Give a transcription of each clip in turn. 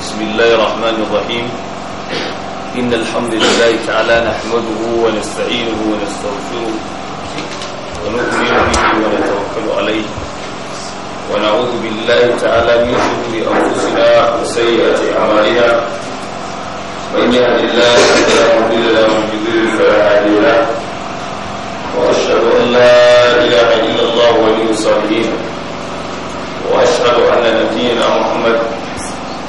بسم الله الرحمن الرحيم إن الحمد لله تعالى نحمده ونستعينه ونستغفره ونؤمن به ونتوكل عليه ونعوذ بالله تعالى من شرور أنفسنا وسيئة أعمالنا من يهد الله فلا مضل له ومن يضلل فلا هادي له وأشهد أن لا إله إلا الله ولي الصالحين وأشهد أن نبينا محمد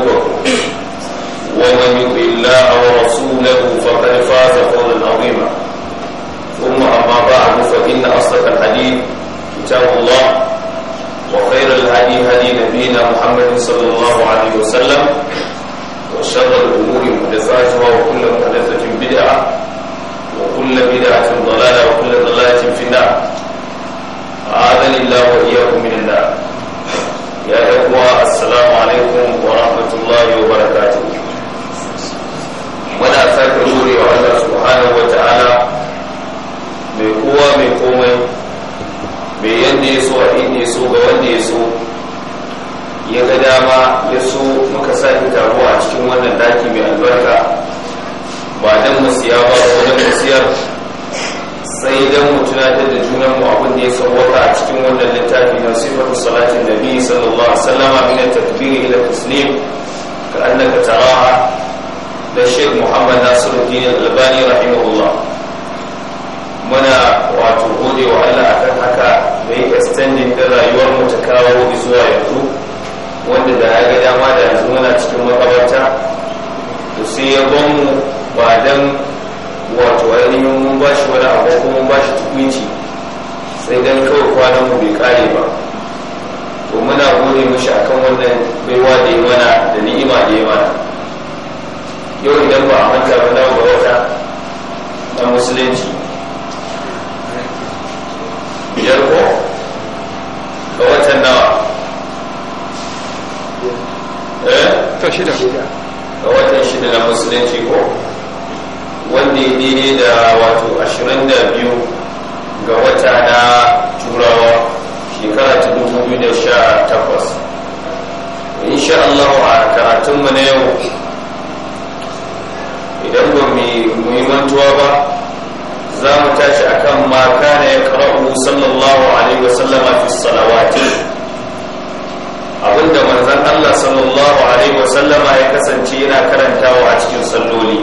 قلوبكم ومن يطع الله ورسوله فقد فاز فوزا عظيما ثم اما بعد فان اصدق الحديث كتاب الله وخير الهدي هدي نبينا محمد صلى الله عليه وسلم وشر الامور محدثاتها musulunci biyar ko ga watan nawa eh shida ga watan shida na musulunci ko wanda ya daidai da wato ashirin da biyu ga wata na turawa shekara ta dubu biyu da sha takwas insha Allah a karatunmu na yau idan ba mu yi mantuwa ba za mu tashi akan ma kana ya qara'u sallallahu alaihi wasallam fi salawati abinda manzon Allah sallallahu alaihi sallama ya kasance yana karantawa a cikin salloli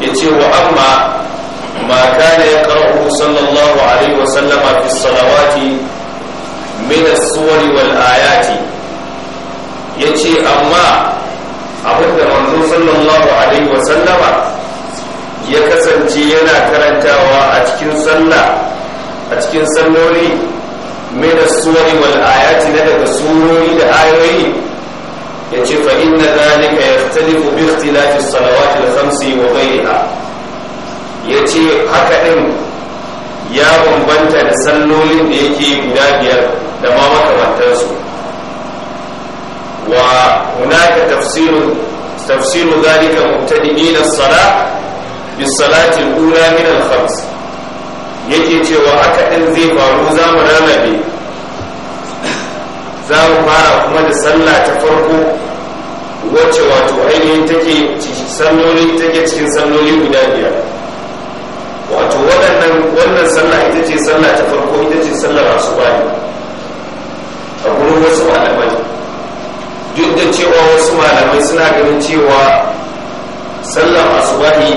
yace wa amma ma kana ya qara'u sallallahu alaihi wasallam fi salawati min as-suwar wal ayati yace amma abinda manzo sallallahu alaihi sallama. ya kasance yana karantawa a cikin sallah a cikin sallori mai da suwari wal ayati na daga surori da ayoyi ya yace fa inna dhalika yaxtalifu bi ikhtilafi salawati al-khams wa ghayriha yace haka din ya bambanta da sallolin da yake guda biyar da ma makamantansu wa hunaka tafsiru tafsiru dhalika mubtadi'ina as bisalati ula min al-khams yake cewa haka din zai faru za mu rarrabe za mu fara kuma da sallah ta farko wacce wato ainihin take salloli take cikin salloli guda biyar wato waɗannan wannan sallah ita ce sallah ta farko ita ce sallar asuba a gurin wasu malamai duk da cewa wasu malamai suna ganin cewa sallar asubahi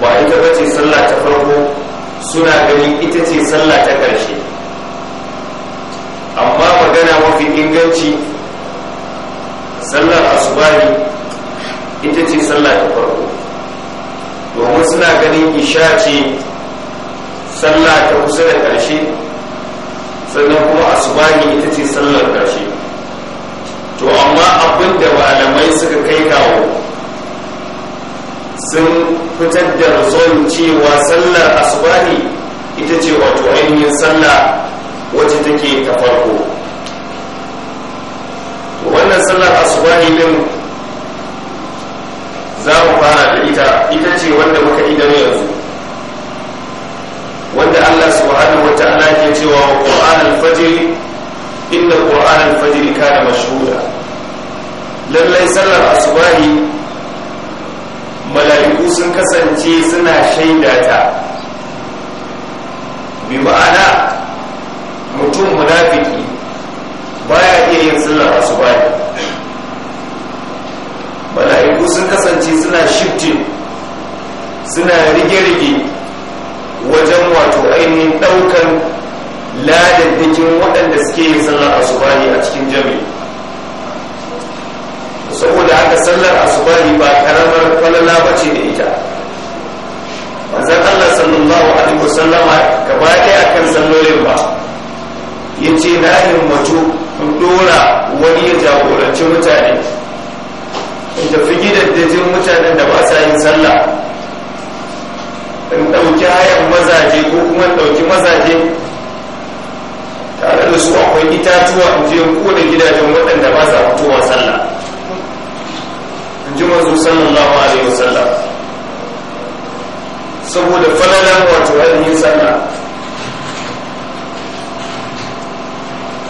ba ita ba ce sallah ta farko suna ganin ita ce sallah ta ƙarshe amma magana mafi inganci sallar asubari ita ce sallah ta farko domin suna ganin isha ce sallah ta kusa da ƙarshe sannan kuma asubari ita ce sallar ƙarshe to amma abin da malamai suka kai kawo sun fitar da rizon cewa sallar asubani ita ce wato ainihin sallah wacce take ta farko wannan sallar asubani din za mu fara da ita ita ce wanda muka idan yanzu wanda Allah subhanahu ta'ala ke cewa wa Qur'an al-fajr inna Qur'an al-fajr kana mashhuda lallai sallar asubahi mala'iku sun kasance suna ta bi ma'ana mutum munafiki baya iya yin sallar asuba ne mala'iku sun kasance suna shifting suna rige-rige wajen wato ainihin ɗaukar ladaddakin waɗanda suke yin sallar asuba ne a cikin jami'a saboda haka sallar asubahi ba karamar falala ba ce da ita manzan Allah sallallahu alaihi wasallama gaba ɗaya kan sallolin ba ya ce na himmatu in dora wani ya jagoranci mutane in tafi gidajen mutanen da ba sa yin sallah in ɗauki hayan mazaje ko kuma ɗauki mazaje tare da su akwai itatuwa in je ko da gidajen waɗanda ba sa fitowa sallallahu alaihi wasallam saboda falalan wato ainihin sallah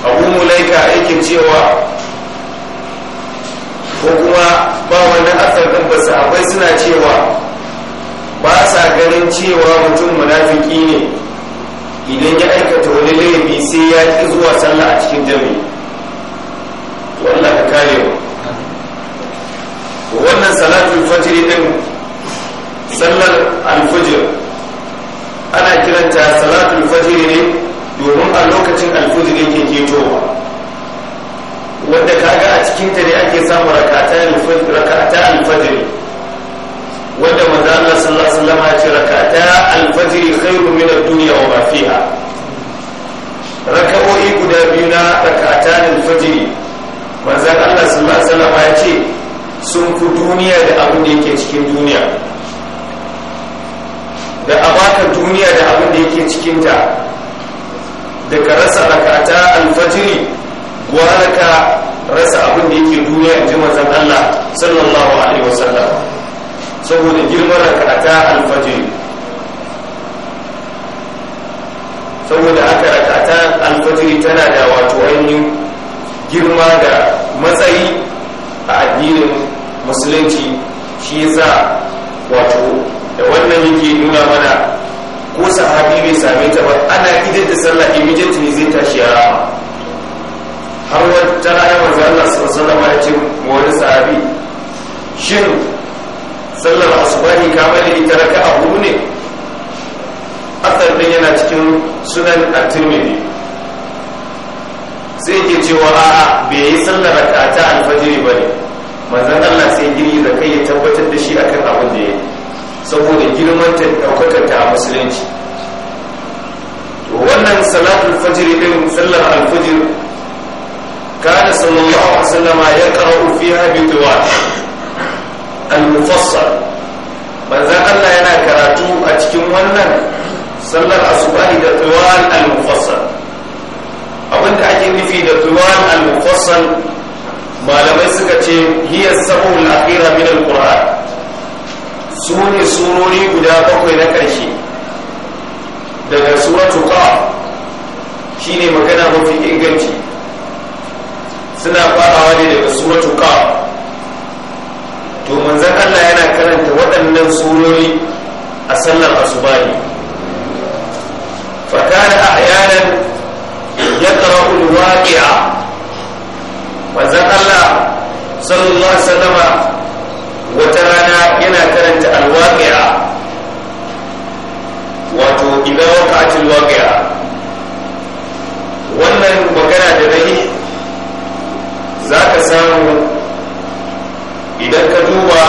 abu mulaika aikin cewa ko kuma ba wani asar din ba sahabbai suna cewa ba sa ganin cewa mutum munafiki ne idan ya aikata wani laifi sai ya ki zuwa sallah a cikin jami'i to Allah wannan salatul fajr din sallar alfajr ana kiranta salatul fajr ne domin a lokacin alfajr yake keto wanda kaga a cikin ta ne ake samu rakata alfajr rakata alfajr wanda manzo Allah sallallahu alaihi wasallam ya ce rakata alfajr khairu min ad-dunya wa ma fiha raka'o'i guda biyu na rakata alfajr manzo Allah sallallahu alaihi wasallam ya ce sun fi duniya da abin da yake cikin duniya da a baka duniya da abin da yake cikinta da ka rasa rakata alfajiri gwara ka rasa abin da yake duniya in ji mazan Allah sallallahu alaihi wasallam saboda girman rakata alfajiri saboda haka rakata alfajiri tana da wato ainihin girma da matsayi a addinin musulunci shi za wato da wannan yake nuna mana ko sahabi bai same ta ba ana idan da sallah ne zai tashi ya rama har wata rana wanzu Allah su alaihi wasallam ya ce wani sahabi shin sallar asubahi kamar da ita raka hudu ne asar din yana cikin sunan at ne sai ke cewa a bai yi sallar raka ta alfajiri ne. manzan Allah sai da kai ya tabbatar da shi akan abin da ya yi saboda girman ta daukakar ta a musulunci wannan salatul fajr din sallar al-fajr kana sallallahu alaihi wasallam ya qara'u fiha bi du'a al-mufassal manzan Allah yana karatu a cikin wannan sallar asubahi da du'a al-mufassal abinda ake nufi da du'a al-mufassal malamai suka ce hiya sabu lafira min alquran su ne surori guda bakwai na karshe daga suratu qa shine magana mafi inganci suna farawa ne daga suratu qa to manzon Allah yana karanta waɗannan surori a sallar asubahi fa kana ahyanan yaqra'u al-waqi'a manzan Allah sallallahu sallama wata rana yana karanta alwaƙiya wato idan waka'atul waƙiya wannan magana da nayi za ka samu idan ka duba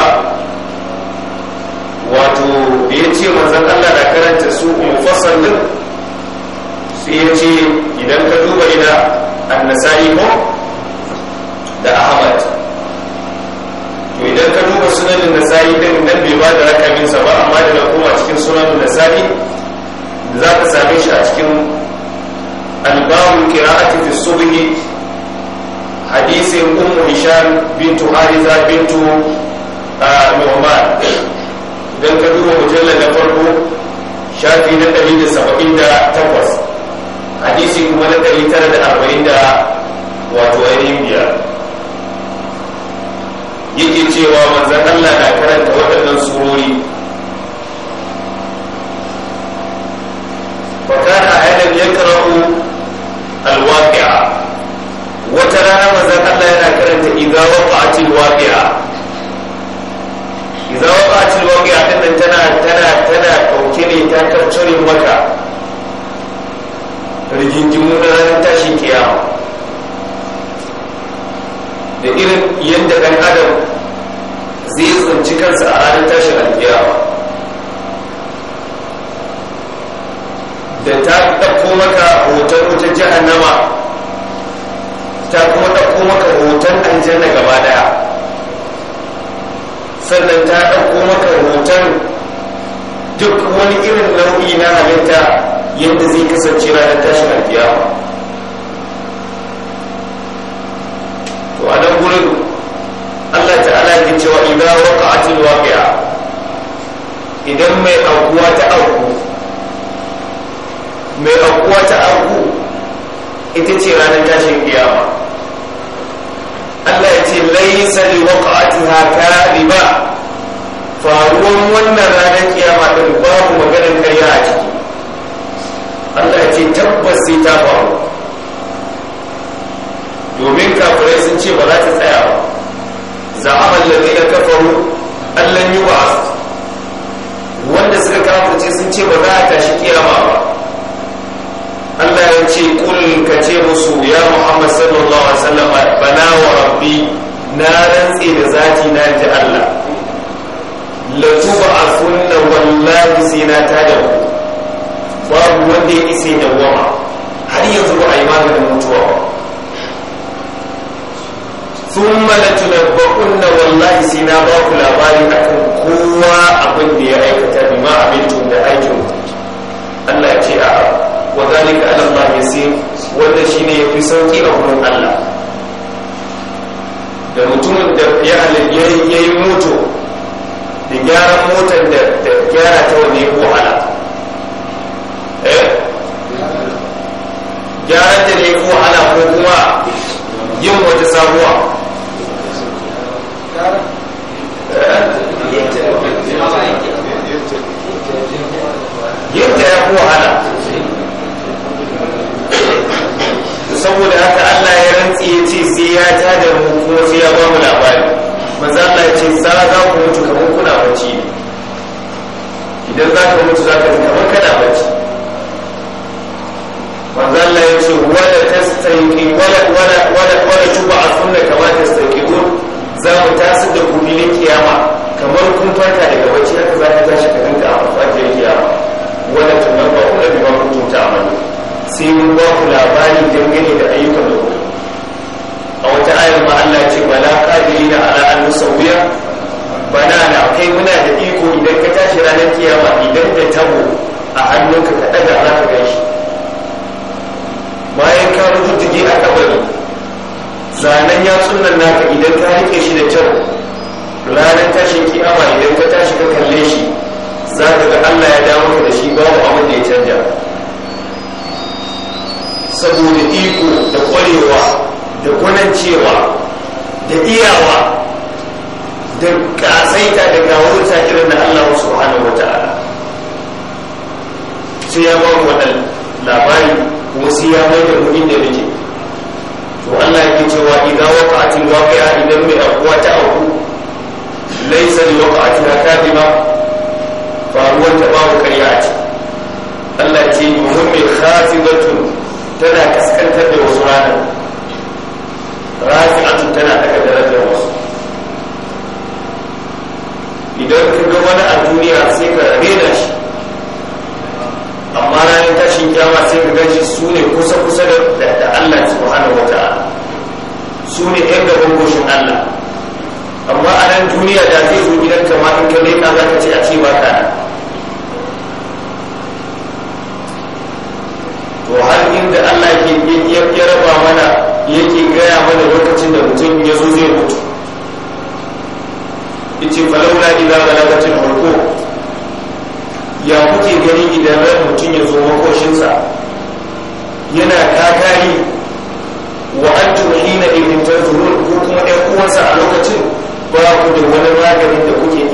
wato da ya ce manzan Allah na karanta su mufassal din sai ya ce idan ka duba ina annasai ko da ahmad to idan ka duba sunanin nasa'i din nan bai ba da rakaminsa ba amma da kuma cikin sunanin nasa'i za ka same shi a cikin albawul qira'ati fi subhi hadisin ummu hisham bintu hariza bintu nu'man idan ka duba mujallar na farko shafi na 178 hadisi kuma na 940 da wato ainihin biyar yake cewa manzan Allah na karanta waɗannan surori fakana aidan ya karau alwafiya wata rana manzan Allah yana karanta idza waqa'atil a idza waqa'atil ɗin nan tana tana tana ɗauke ne ta karcire maka rigingimu na ranar tashin kiyama da irin yadda ɗan adam zai tsinci kansa a ranar tashin alkiyama da ta ɗauko maka hoton wutar jahannama ta kuma ɗauko maka hoton aljanna gaba daya sannan ta ɗauko maka hoton duk wani irin nau'i na halitta yadda zai kasance ranar tashin alkiyama to a nan gurin Allah ta'ala yake cewa idan waqa'atil waqi'a idan mai aukuwa ta auku mai aukuwa ta auku ita ce ranar tashin kiyama Allah ya ce laisa li waqa'atiha kadhiba faruwan wannan ranar kiyama din babu maganar karya a ciki Allah ya ce tabbas sai ta faru domin kafirai sun ce ba za ta tsaya ba za a za'ama alladhina kafaru allan ba. wanda suka kafirce sun ce ba za a tashi kiyama ba Allah ya ce kul ka ce musu ya Muhammad sallallahu alaihi wasallam bana wa rabbi na rantse da zati na ji Allah la tub'athunna wallahi sai na tada ku babu wanda ya isa da wama har yanzu ba a yi maganin mutuwa ba sun malatu tunan bakunna wallahi sai na ba ku labari akan kowa abin da ya aikata bi ma abincin da aikin Allah ya ce a wa zalika ala Allah ya sai wanda shine yafi sauki a gurin Allah da mutumin da ya yayi moto da gyaran motar da gyara ta wani wahala eh gyaran ta ne ko wahala ko kuma iyawa da kasaita da gawar kiran na Allah subhanahu wa ta'ala sai ya ba wannan labari kuma sai ya mai da wurin da nake to Allah yake cewa idan waqa'atil waqi'a idan mai akuwa ta auku laysa li waqa'atiha kadima faruwar ta wa karya ce Allah ce muhimmin khafidatun tana kaskantar da wasu ranar rafi'atun tana daga darajar wasu idan ka ga wani a duniya sai ka rena shi amma ranar tashin kyawa sai ka gaji su ne kusa kusa da Allah subhanahu wata'ala su ne yan gaban goshin Allah amma a nan duniya da zai zo gidan kama in ka leka za ka ce a ce ba ka to har inda Allah ke ya raba mana yake gaya mana lokacin da mutum ya zo zai mutu yace falaula idza balagatil hulko ya kuke gani idan ran mutum ya zo makoshinsa yana kakari wa antum hina idin tanzurun ko kuma ɗan uwansa a lokacin ba ku da wani maganin da kuke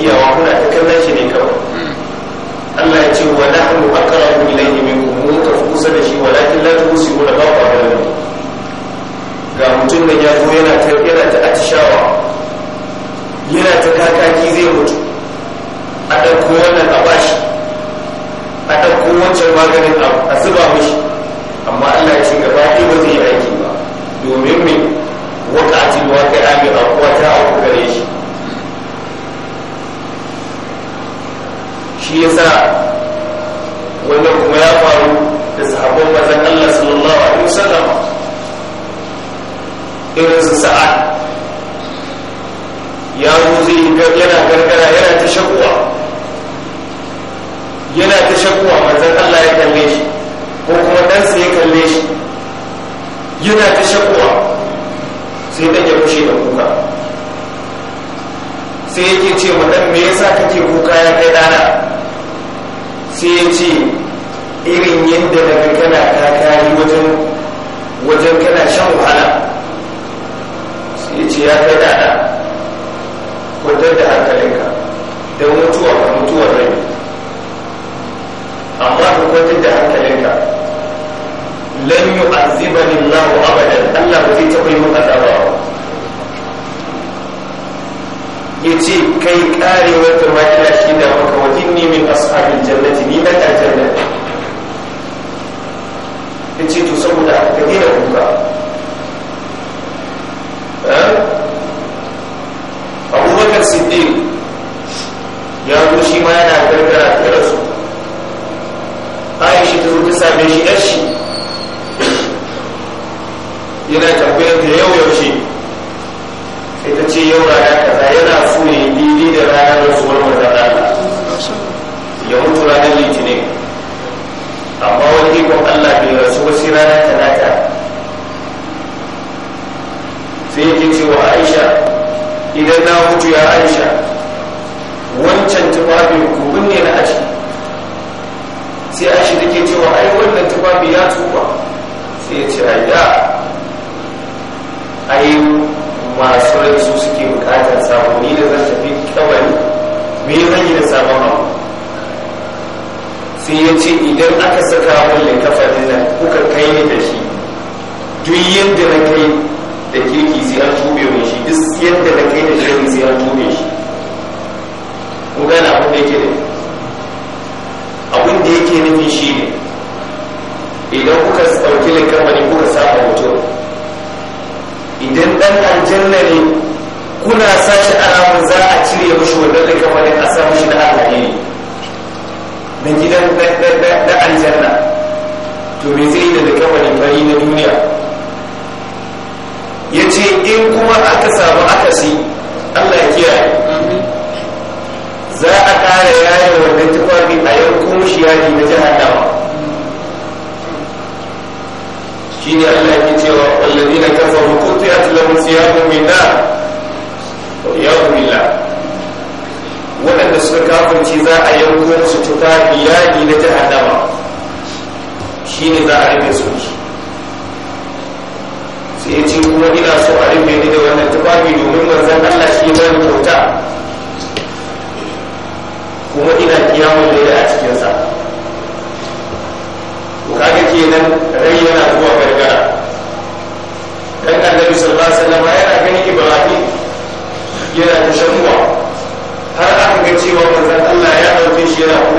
kwantar da hankalinka lan yu'azzibani Allahu abadan Allah ba zai taɓa yi mun azaba yace kai karewar da ma ina shi da maka wa inni min ashabil jannati ni dan aljanna yace to saboda ka gina kuka Abubakar Siddiq ya zo shi ma yana gargara same shi yashi yana tambayar ta yau yaushe sai ta ce yau rana kaza yana so ne daidai da su rasuwar wata rana ya mutu ranar litinin amma wani ikon allah bai rasu wasu ranar talata sai yake wa aisha idan na mutu ya aisha wancan tufafin kubin ne na aji sai shi take cewa ai wannan tufafi ya tsufa sai ya ce ai da ai masu rai su suke bukatar samu ni da zan tafi kawai me zan yi da sabon sai ya ce idan aka saka mun littafa wasallam yana ganin ibrahim yana da shanuwa har aka ga cewa manzon Allah ya dauke shi yana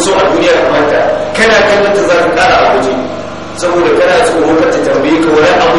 so a duniya da kana kallon ta za ka kara a guje saboda kana tsoron ka ta tambaye ka wani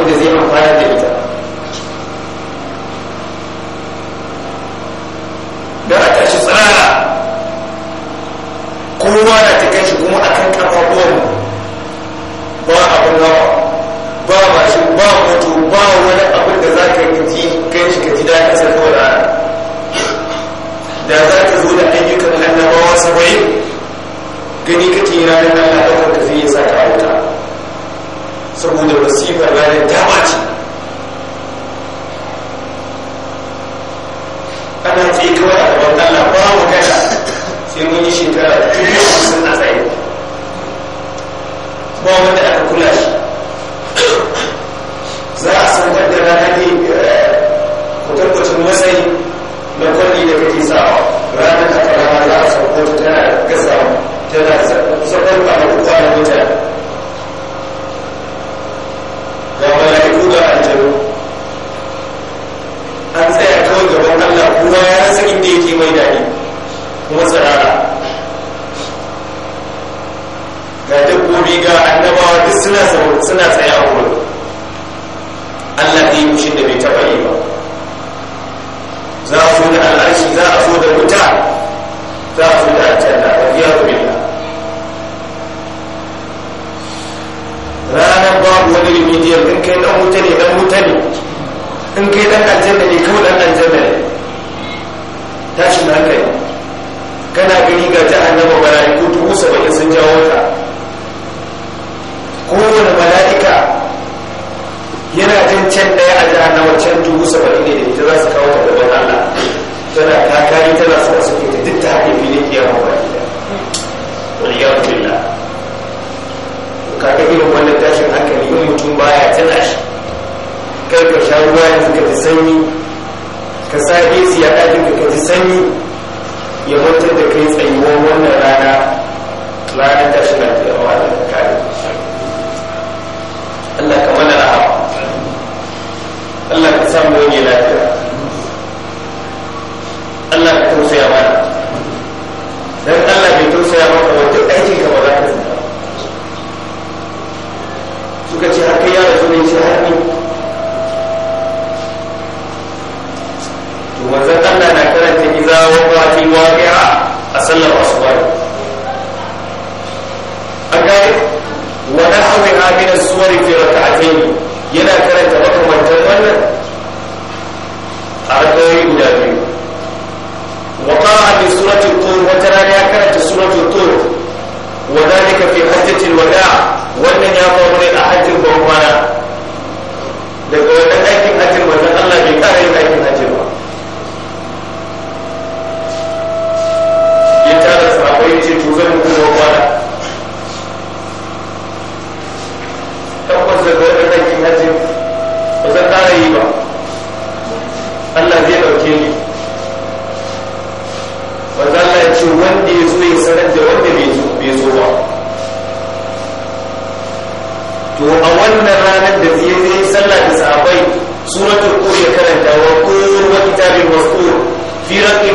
an tsaya kawai gaban Allah kuma ya rasa inda yake mai daɗi kuma tsirara ga dabbobi ga annabawa duk suna suna tsaya a wurin Allah ya yi da bai taɓa yi ba za a so da al'arshi za a so da wuta za a so da kai dan wuta ne dan wuta ne in kai dan aljanna ne kawai dan aljanna ne tashin kai kana gani ga jahannama mala'iku dubu saba'in sun jawo ka kowane mala'ika yana jin can ɗaya a jahannama can dubu saba'in kar ka ya ruwa yanzu ji sanyi ka sa AC ya ɗakin ka ji sanyi ya wata da kai tsayuwar wannan rana ranar tashi na ke a da kare Allah ka mana rahama Allah ka samu wani lafiya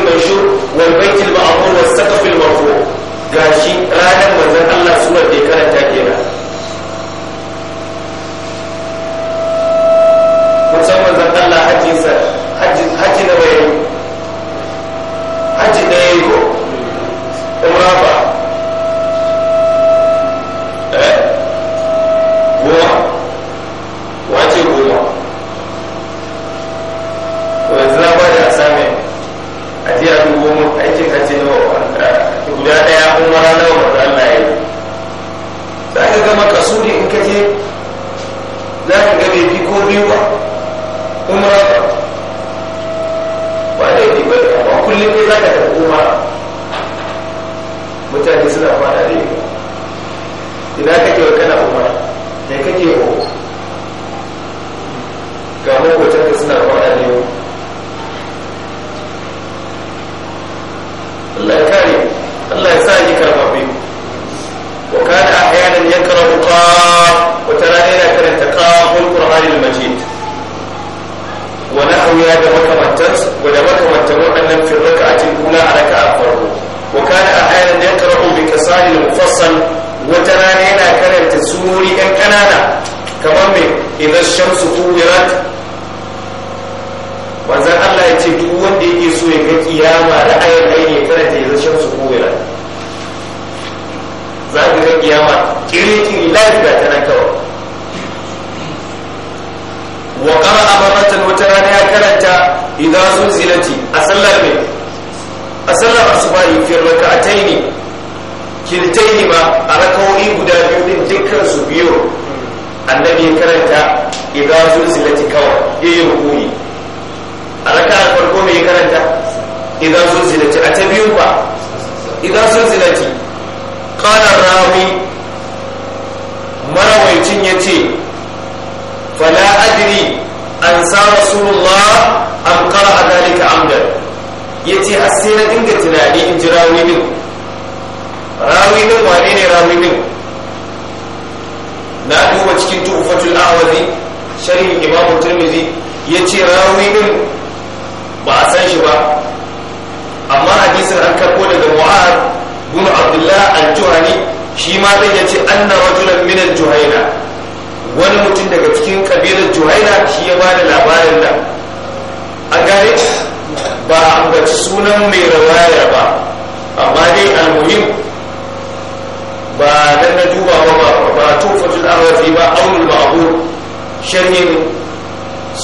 المنشور والبيت المعمور والسقف المرفوع gashi ranar manzon Allah suwar da ya karanta kenan al المفصل mufassal wata rana yana karanta surori ɗan ƙanana kamar mai idan shamsu kuwirat wanzan Allah ya ce duk wanda yake so ya ga kiyama da ya karanta idan shamsu kuwirat za ka ga kiyama kiri lafi ga ta nan wa wata rana ya karanta idan sun a sallar mai a sallar kiltaini ma a rakawoyi guda biyu din dukkan su biyu annabi ya karanta idan zilati kawai ya yi rukuni a raka farko mai karanta idan zilati a ta biyu ba idan zulzilati qala rawi marawaicin ce fala adini an sa rasulullah an a dalika ya ce a sai na dinga tunani in jira wani rawi din wane ne rawi din na duba cikin tufatul awazi sharhi imamu turmizi ya ce rawi din ba a san shi ba amma hadisin an karbo daga mu'ad bin abdullah al-juhani shi ma zai ya ce anna rajulan min al-juhaina wani mutum daga cikin kabilar juhaina shi ya bada labarin da a gane ba ambaci sunan mai rawaya ba amma dai al-muhim ba dan na duba ba ba tufatul arwazi ba aulul ma'bud sharhin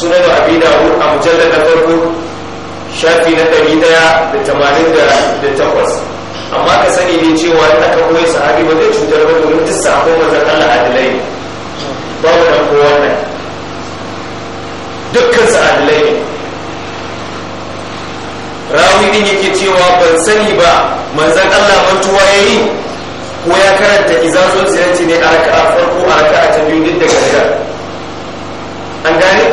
sunan abi dawud a mujallad na farko shafi na ɗari ɗaya da tamanin da da takwas amma ka sani ne cewa in aka koyi sahabi ba zai cutar ba domin duk sakon mazan Allah adalai babu dan kowa nan dukkan su adalai ne rawi din yake cewa ban sani ba manzan Allah mantuwa yayi ko ya karanta izazun ziyarci ne a raka'a farko a raka'a ta biyu duk da gangar an gane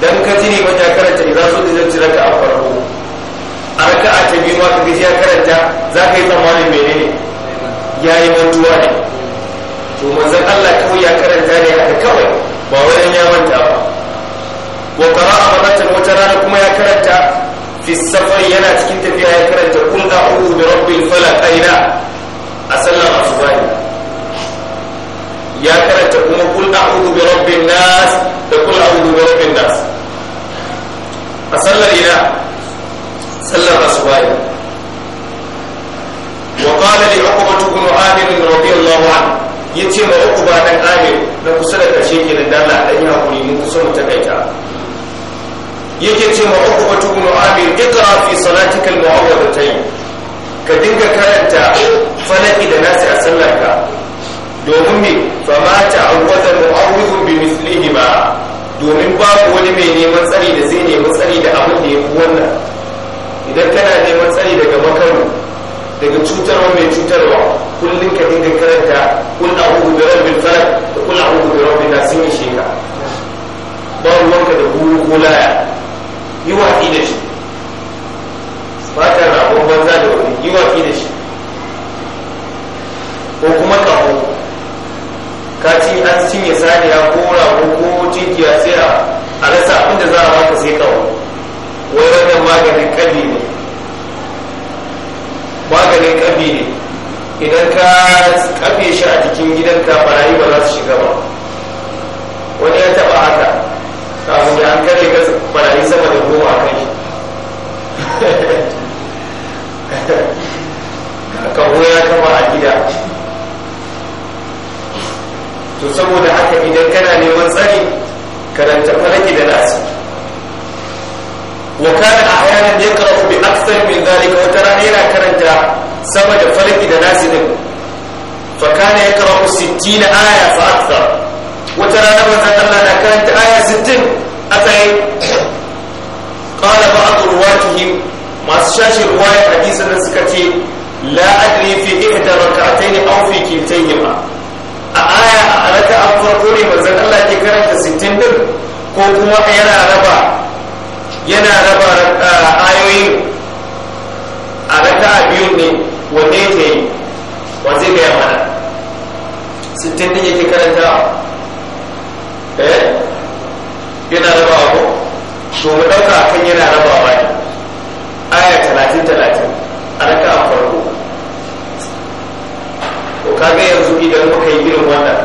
dan ka tuni ba ya karanta izazun sinanci raka'a farko a raka'a ta biyu ma kaga ya karanta za ka yi tsammanin menene ya yi mantuwa ne to manzon Allah kawai ya karanta ne a kawai ba wani ya manta ba wa qara'a maratan wata rana kuma ya karanta fi safari yana cikin tafiya ya karanta kul a'udhu bi rabbil falaq aina asalla sallar asubahi ya karanta kuma kul a'udhu bi rabbin nas sittina aya fa akthar wata rana manzon Allah na karanta aya 60 a tsaye qala ba'd ruwatihim masu shashi ruwaya hadisin nan suka ce la adri fi ihda rak'atayn aw fi kiltayhima a aya a raka'a farko ne manzon Allah ke karanta 60 din ko kuma yana raba yana raba eh, ayoyin a raka'a biyu ne wanne yake yi wa zai ga mana sittin din yake karanta eh yana raba abu to mu a kan yana raba ba ne aya talatin talatin a raka a farko to kaga yanzu idan muka yi irin wannan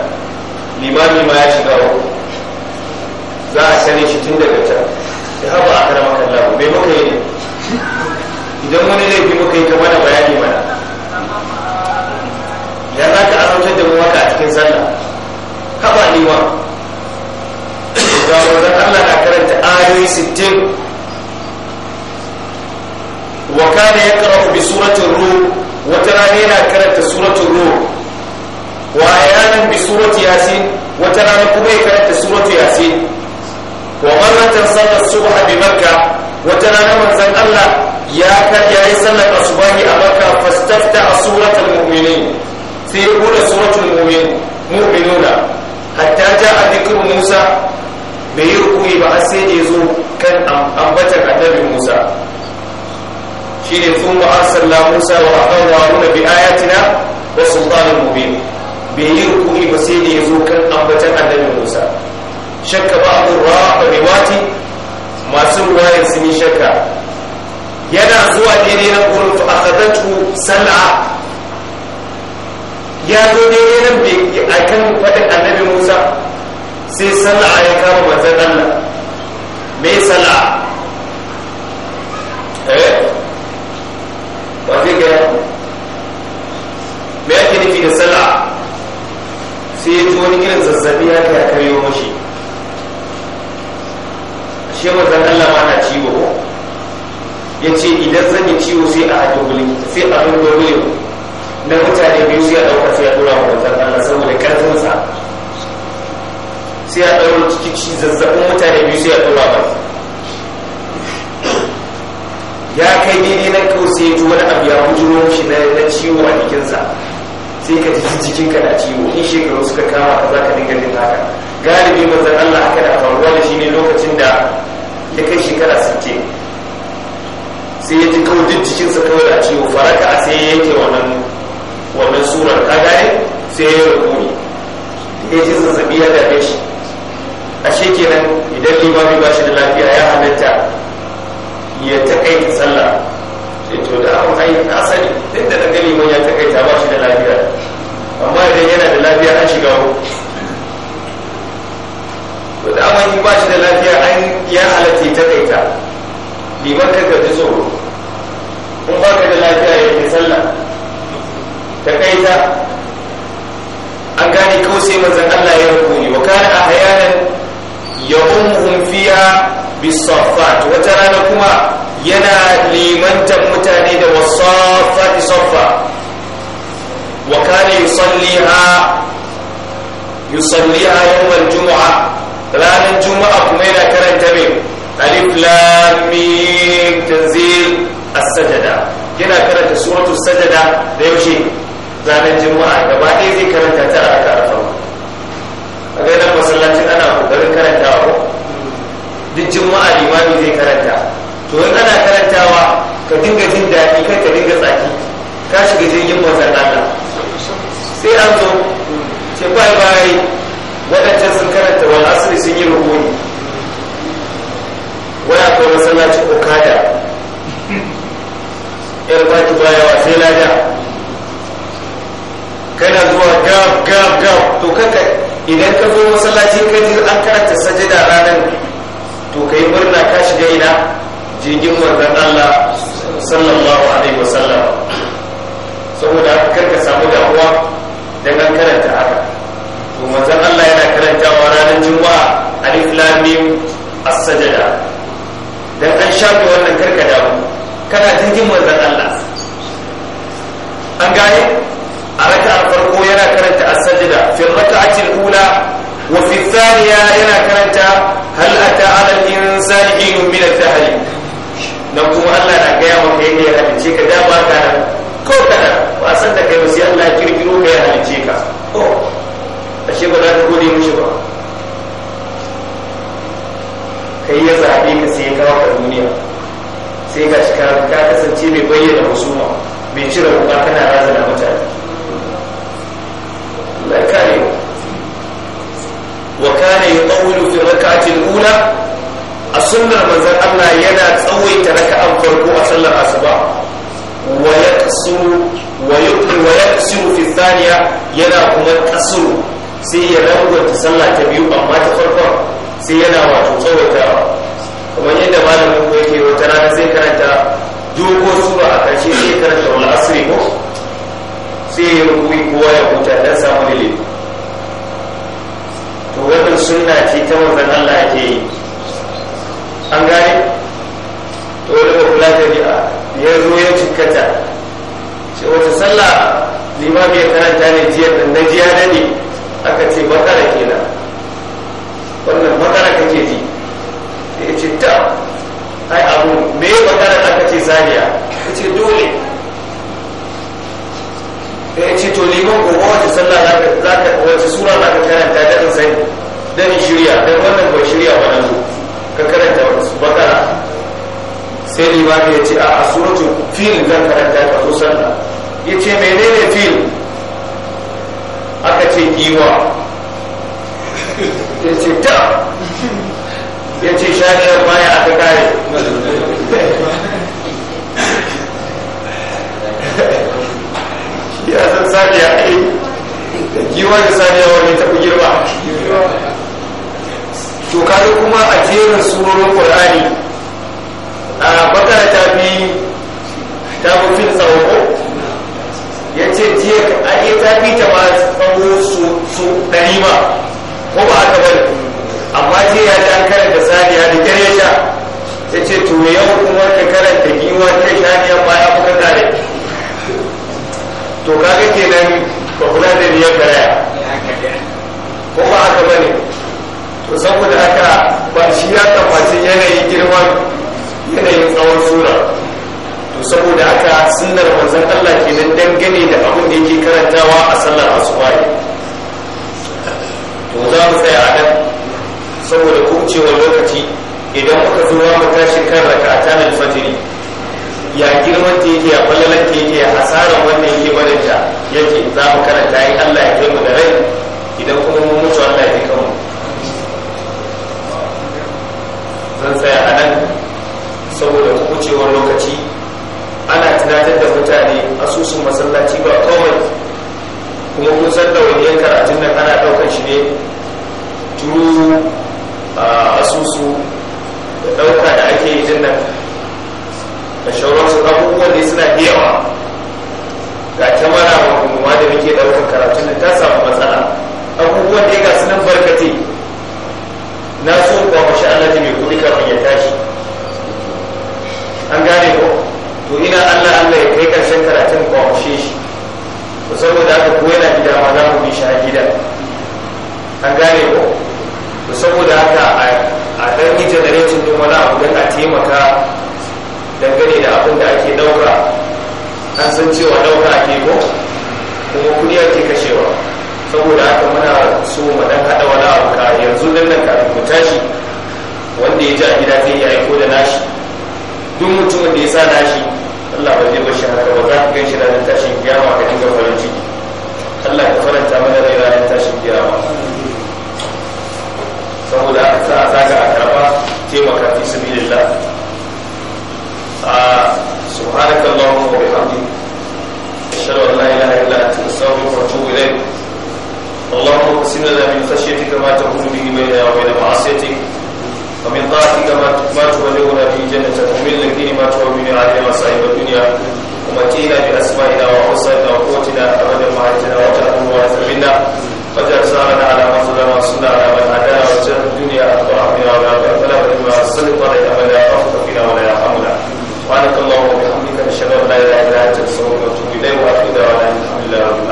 limami ma ya shiga uku za a sani shi tun daga can da haka a kana makan labu bai muka yi ne idan wani laifi muka yi ta mana bayani cikin sallah haba liwa ga wannan Allah na karanta ayoyi 60 wa kana yaqra'u bi suratul ruh wata rana yana karanta suratul ruh wa ayatan bi surati yasin wata rana kuma ya karanta suratu yasin wa marratan sallar subha bi makka wata rana manzan Allah ya yi sallar asubahi a makka fastafta a suratul mu'minin sai ya bude suratul mu'min mu'minuna hatta ja'a dhikru Musa bai yi ba har sai ya zo kan ambatar annabi Musa shine thumma arsala Musa wa aqamu Haruna bi ayatina wa sultanin mubin bai yi rukuni ba sai da ya zo kan ambatar annabi Musa shakka ba a riwati masu ruwayar sun yi shakka yana zuwa daidai na gurin fa akhadatu sal'a ya zo daidai nan bai a kan faɗin annabi musa sai sala'a ya kama manzan allah mai sala'a eh wace ga me ake nufi da sala'a sai ya ji wani irin zazzabi ya kai a karyo mashi ashe manzan allah ma na ciwo ya ce idan zan yi ciwo sai a haɗe sai a rungo miliyan na mutane biyu sai a ɗauka sai a ɗora wa manzan Allah saboda sa sai a ɗaura cikin shi zazzabin mutane biyu sai a ɗora ba ya kai daidai na kawai sai ji wani abu ya bujuro shi na ciwo a jikinsa sai ka ji jikinka na ciwo in shekaru suka kama ka za ka dinga jin haka galibi manzan Allah haka da faruwa da shi ne lokacin da ya kai shekara 60 sai ya ji kawai jikinsa kawai a ciwo faraka a sai ya yanke wannan wannan surar ka gaye sai ya rukuni ya ce zazzabi ya dame shi a shekenan idan limami ba shi da lafiya ya halatta ya ta sallah sai to da abin ai na sani duk da daga limon ya ta ba shi da lafiya amma idan yana da lafiya an shiga to da abin ba shi da lafiya an ya halatta ya ta liman kan ka ji tsoro in ba ka da lafiya ya ke sallah takaita an gane kawai sai manzon Allah ya rubuni wa kana hayanan ya umhum fiya bisaffat wata rana kuma yana limantar mutane da wasaffat saffa wa kana yusalliha yusalliha yawmal juma'a ranar juma'a kuma yana karanta mai alif lam tanzil as yana karanta suratul sajda da yaushe ranar juma'a gaba ɗaya zai karanta ta a raka a a ga yadda masallacin ana ƙoƙarin karanta ko duk juma'a limami zai karanta to in ana karantawa ka dinga jin daɗi kai ka dinga tsaki ka shiga jirgin mazan Allah sai an zo ce bai bai waɗancan sun karanta wa asiri sun yi rubuni wani akwai masallacin okada yar baki baya wa sai lada kana zuwa gab gab gab to kaka idan ka zo masallaci ka ji an karanta sajada ranar to kai murna ka shiga ina jirgin wannan Allah sallallahu alaihi wasallam saboda haka karka samu damuwa dan an karanta haka to manzon Allah yana karanta wa ranar juma'a alif lam mim as-sajada dan an shafe wannan karka damu kana jirgin wannan Allah an gane في الركعة الأولى وفي الثانية ينا كانت هل أتى على الإنسان حين من الذهل نقوم الله نقيا وكيني هلتيك دابا كان كوكنا وأسنت كيوسي الله كيركيرو كي هلتيك أشيب لا تقولي مشبه kai ya zaɓe ka sai ya kawo ka duniya sai ka shi ka kasance mai bayyana husuma mai cire ruwa kana razana mutane wa kana yutawwilu fi rak'ati al-ula a sunnar manzon Allah yana tsawaita raka'an farko a sallar asuba wa yaqsuru wa yuqri wa yaqsuru yana kuma qasru sai ya rangwata sallah ta biyu amma ta farkon sai yana wato tsawaitawa kamar yadda malamin ko yake wata rana sai karanta dogo a karshe sai karanta sai ya rubuta ya to suna sunna ce ta wanzan Allah ke yi an gane to daga kula ta bi'a ya zo ya cikata ce wata sallah limami ya karanta ne jiya da na jiya da ne aka ce bakara kenan wannan bakara kake ji ya ce ta ai abu me bakara aka ce zaniya ya ce dole ya ce to liman gobe wata sallah za ka za ka wasu sura za ka karanta da in sani dan shirya dan wannan bai shirya ba nan ka karanta wasu bakara sai limami ya ce a suratu fil zan karanta ka zo sallah ya ce menene fil aka ce giwa ya ce ta ya ce shaniyar baya aka kare ya san saniya giwa da saniya wani taɓa girma to kaga kuma a jerin surorin qur'ani a bakara ta fi ta fi tsawo ya ce jiya a yi ta fi ta ba tsawo su ɗari ba ko ba aka bari amma jiya ya ta karanta saniya da ƙyar ya sha ya ce to yau kuma ka karanta sunnar manzon Allah ke nan dangane da abin da yake karantawa a sallar asuba to za mu tsaya a nan saboda kucewar lokaci idan muka zo za mu tashi kan raka'ata nan fajiri ya girman ta yake ya fallalar ta yake ya hasarar wannan yake barinta yake za mu karanta yi Allah ya kai mu da rai idan kuma mun mutu Allah ya kai mu zan tsaya a nan saboda kucewar lokaci datar da mutane asusun masallaci ba kawai kuma kun san da wani karatun nan ana daukar shi ne turu asusu da ɗauka da ake yi tunan. nan da su abubuwan ne suna da yawa ga kyamara magunguma da muke daukar karatun nan ta samu matsala abubuwan da ga sunan barkate na so kuwa mashi Allah ta mai kafin ya tashi an gane ko to ina Allah Allah ya kai karshen karatun kwamshe shi to saboda haka ko yana gida ma za mu bi shi a gida an gane ko to saboda haka a dan yi generation din wani abu don taimaka dangane da abin da ake daura an san cewa daura ake ko kuma kudi ake kashewa saboda haka muna so mu dan hada wani abu ka yanzu dan nan kafin mu tashi wanda ya ji a gida zai yi aiko da nashi duk mutumin da ya sa nashi Allah ba zai bashi haka ba za ka gan shi ranar tashin kiyama ka dinga farin ciki Allah ya faranta mana rai ranar tashin kiyama saboda sa a saka a karba taimaka fi sabilillah a subhanakallahumma wa bihamdi bihamdika أشهد أن لا إله إلا أنت أستغفرك وأتوب إليك اللهم اقسم لنا من خشيتك ما تكون به بيننا وبين معصيتك ومن طاعتك ما تبلغنا به جنتك ومن اليقين ما تهون علينا مصائب الدنيا ومتينا باسمائنا وحسننا وقوتنا ابدا ما اعتنا واجعله وارثا منا واجعل ثارنا على من ظلم وانصرنا على من عادانا واجعل الدنيا اكبر بنا ولا تغفر بما سلط علينا ولا يرحمك بنا ولا يرحمنا سبحانك اللهم وبحمدك نشهد ان لا اله الا انت نستغفرك ونتوب اليك واخر دعوانا الحمد لله رب